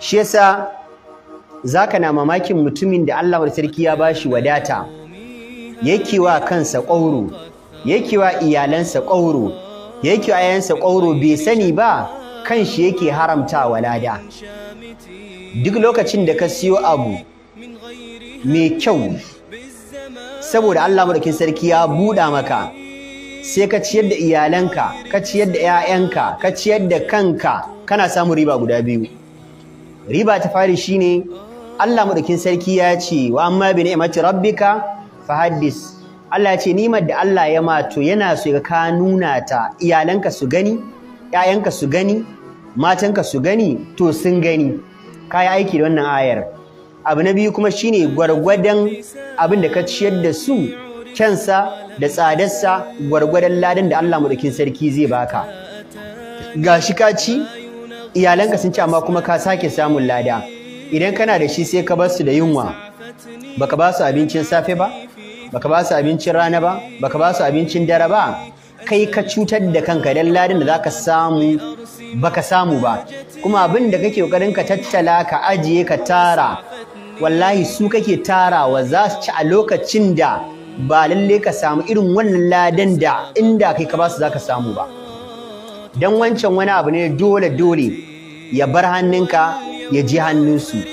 shi yasa ka na mamakin mutumin da Allah wani sarki ya bashi wadata yake wa kansa ƙauro yake wa iyalansa ƙauro yake wa yayansa ƙauro bai sani ba kan shi yake haramta wa lada duk lokacin da ka siyo abu mai kyau saboda Allah madaukin sarki ya buɗa maka sai ka ciyar da iyalanka ka ciyar da 'ya'yanka ka ciyar da kanka kana samun riba guda biyu riba ta fari shine Allah madaukin sarki ya ce wa amma bi ni'mati rabbika fahaddis Allah ya ce nimar da Allah ya mato yana so ya ka nuna ta iyalanka su gani ƴaƴanka su gani matanka su gani to sun gani yi aiki da wannan ayar abu na biyu kuma shine gwargwadon abin da ka ciyar da su kyansa da tsadarsa gwargwadon ladan da Allah madaukin sarki zai baka Ga shi ka ci iyalanka sun ci amma kuma ka sake samun lada idan kana da shi sai ka bar su da yunwa baka ba su abincin safe ba baka ba su abincin rana ba baka ba su abincin dare ba kai ka cutar da kanka dan ladin da zaka samu baka samu ba kuma abin da kake kokarin ka tattala ka ajiye ka tara wallahi su kake tara wa za su ci a lokacin da ba lalle ka samu irin wannan ladan da inda kai ka ba su zaka samu ba don wancan wani abu ne dole dole ya bar hannunka ya ji hannunsu